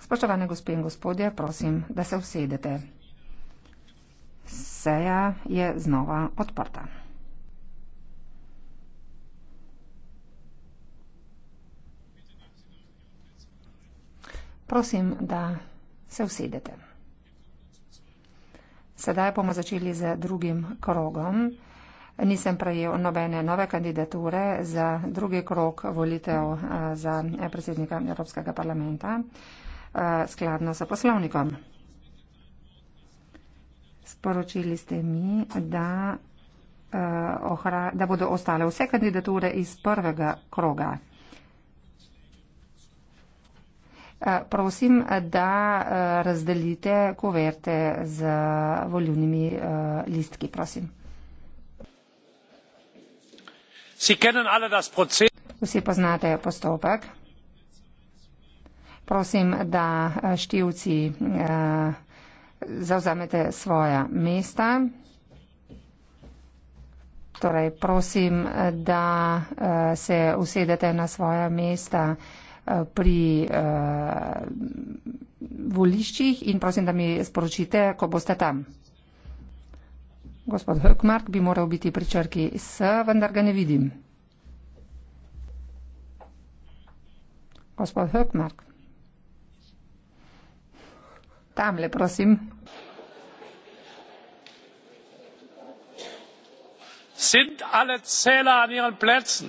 Spoštovane gospe in gospodje, prosim, da se usedete. Seja je znova odprta. Prosim, da se usedete. Sedaj bomo začeli z drugim krogom. Nisem prejel nobene nove kandidature za drugi krok volitev eh, za eh, predsednika Evropskega parlamenta eh, skladno s poslovnikom. Sporočili ste mi, da, ohra, da bodo ostale vse kandidature iz prvega kroga. Prosim, da razdelite kuverte z volilnimi listki, prosim vsi poznate postopek. Prosim, da eh, štivci eh, zauzamete svoja mesta. Torej, prosim, da eh, se usedete na svoja mesta pri voliščih in prosim, da mi sporočite, ko boste tam. Gospod Hökmark bi moral biti pri črki S, vendar ga ne vidim. Gospod Hökmark. Tamle, prosim. Sind alle Zähler an ihren Plätzen?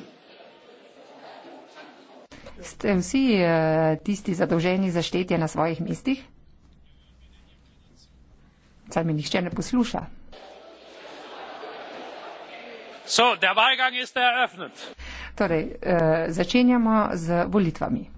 Ste vsi uh, tisti zadolženi za štetje na svojih mestih? Saj mi nihče ne posluša. Torej, eh, začenjamo z volitvami.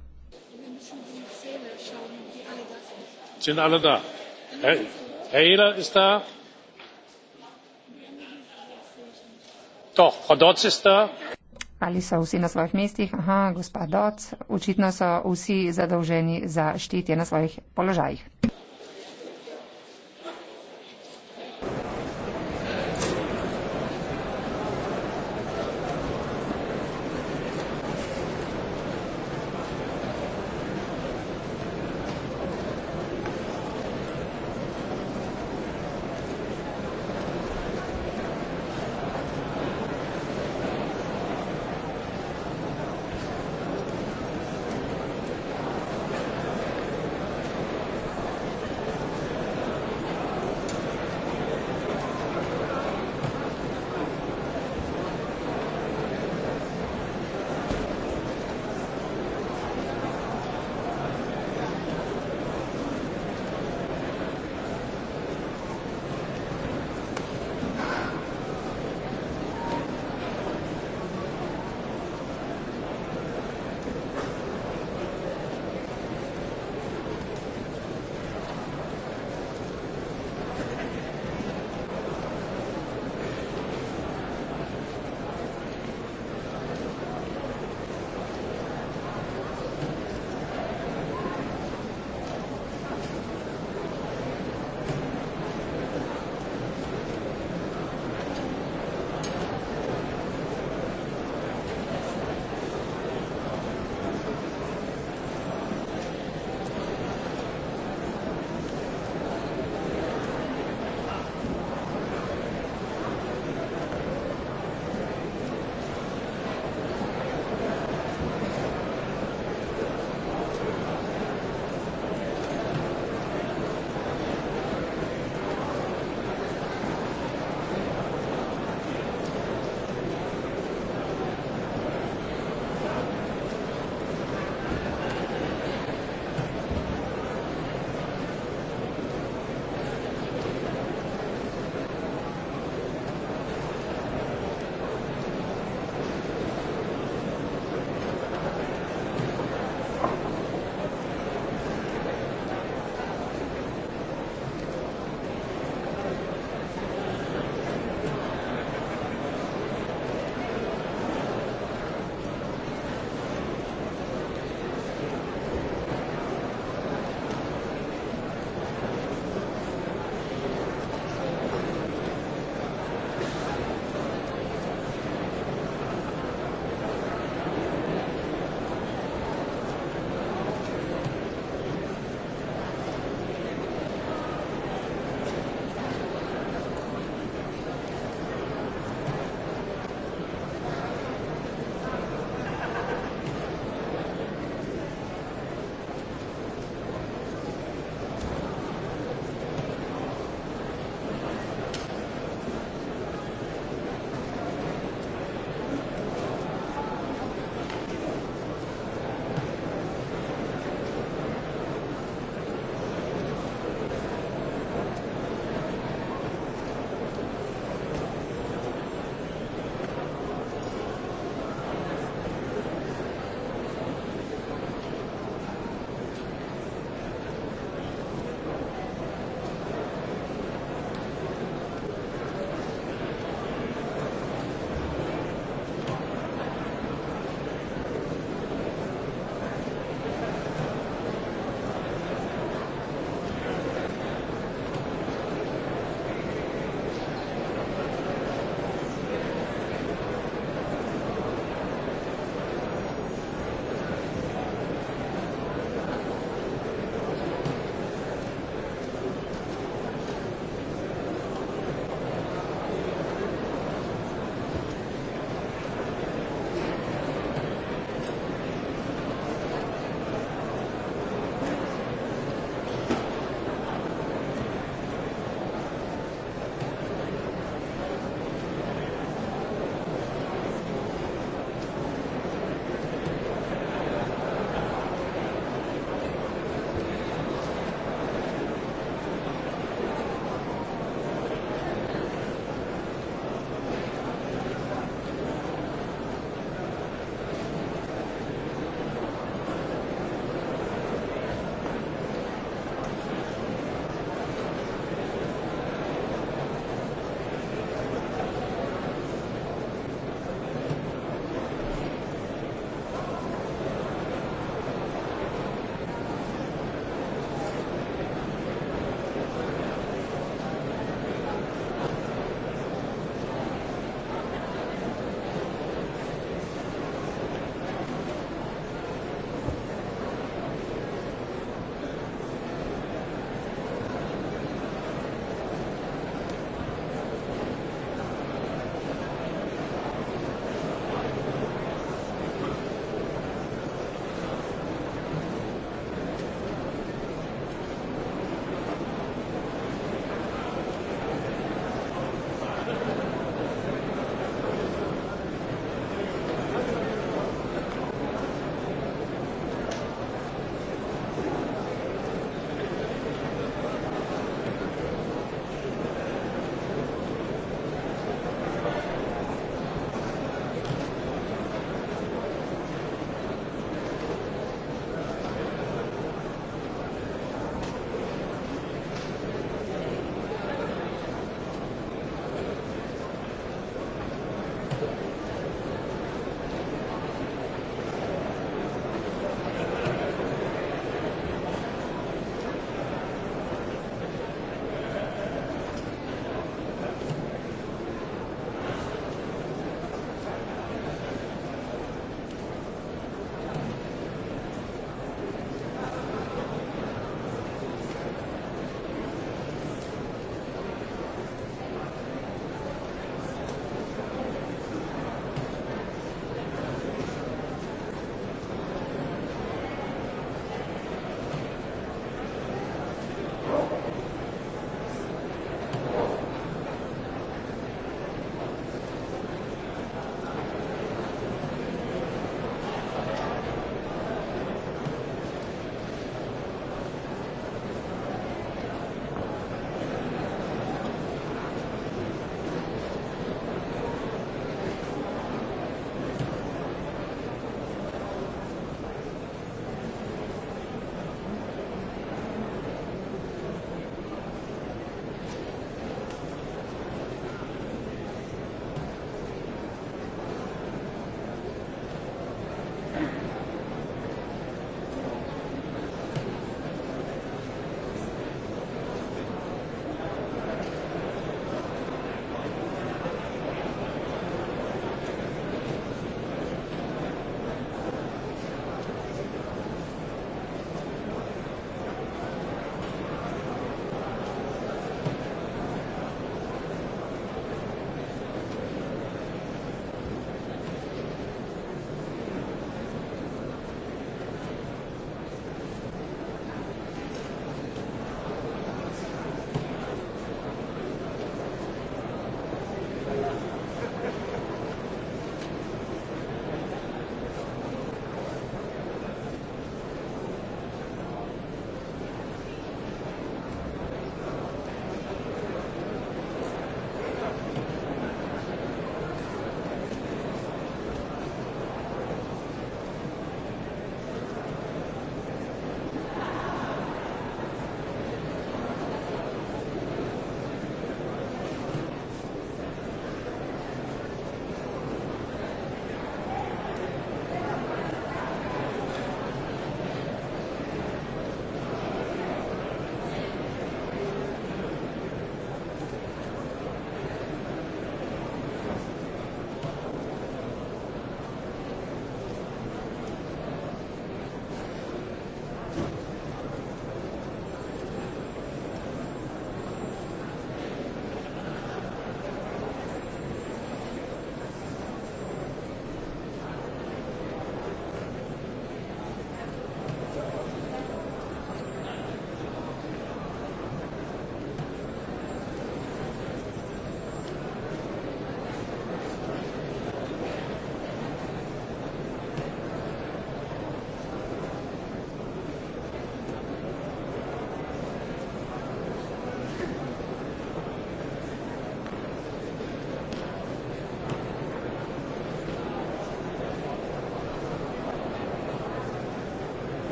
Ali so vsi na svojih mestih? Aha, gospa Doc, očitno so vsi zadolženi za štetje na svojih položajih.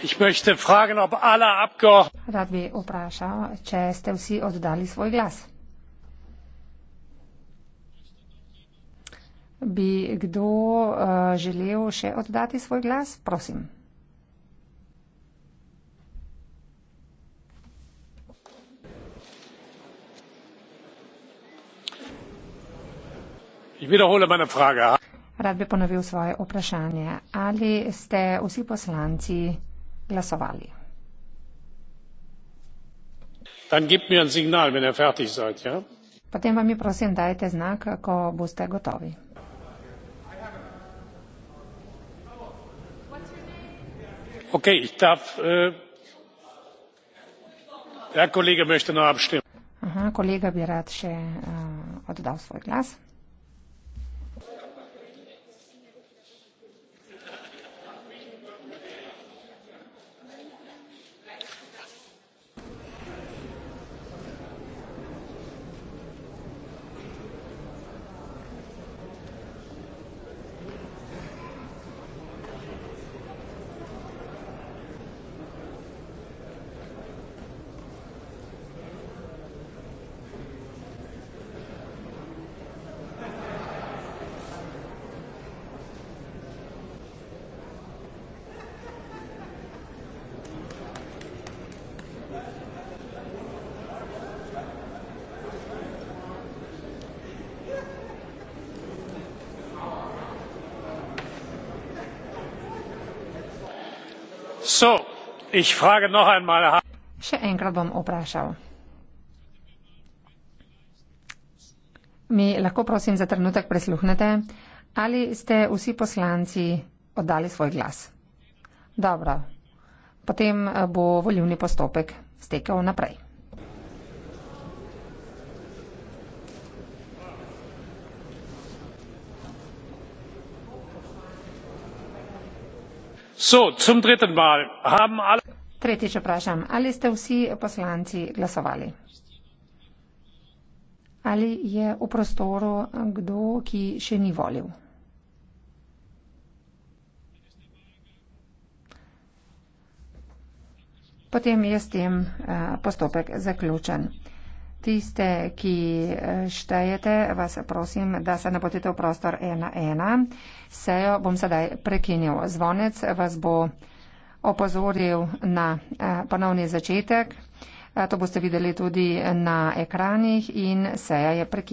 Ich möchte fragen, ob alle Abgeordneten. Bi kdo uh, želel še oddati svoj glas? Prosim. Meine Frage. Rad bi ponovil svoje vprašanje. Ali ste vsi poslanci glasovali. Ja? Potem pa mi prosim dajte znak, ko boste gotovi. Äh, Aha, kolega bi rad še uh, oddal svoj glas. Še enkrat bom vprašal. Mi lahko prosim za trenutek prisluhnete, ali ste vsi poslanci oddali svoj glas? Dobro. Potem eh, bo volivni postopek stekel naprej. tretjič vprašam ali ste vsi poslanci glasovali ali je v prostoru eh, kdo ki še ni volil potem je s tem eh, postopek zaključen Tiste, ki e, štejete, vas prosim, da se napotite v prostor 1.1. Sejo bom sedaj prekinil. Zvonec vas bo opozoril na e, ponovni začetek. E, to boste videli tudi na ekranih in seja je prekinjena.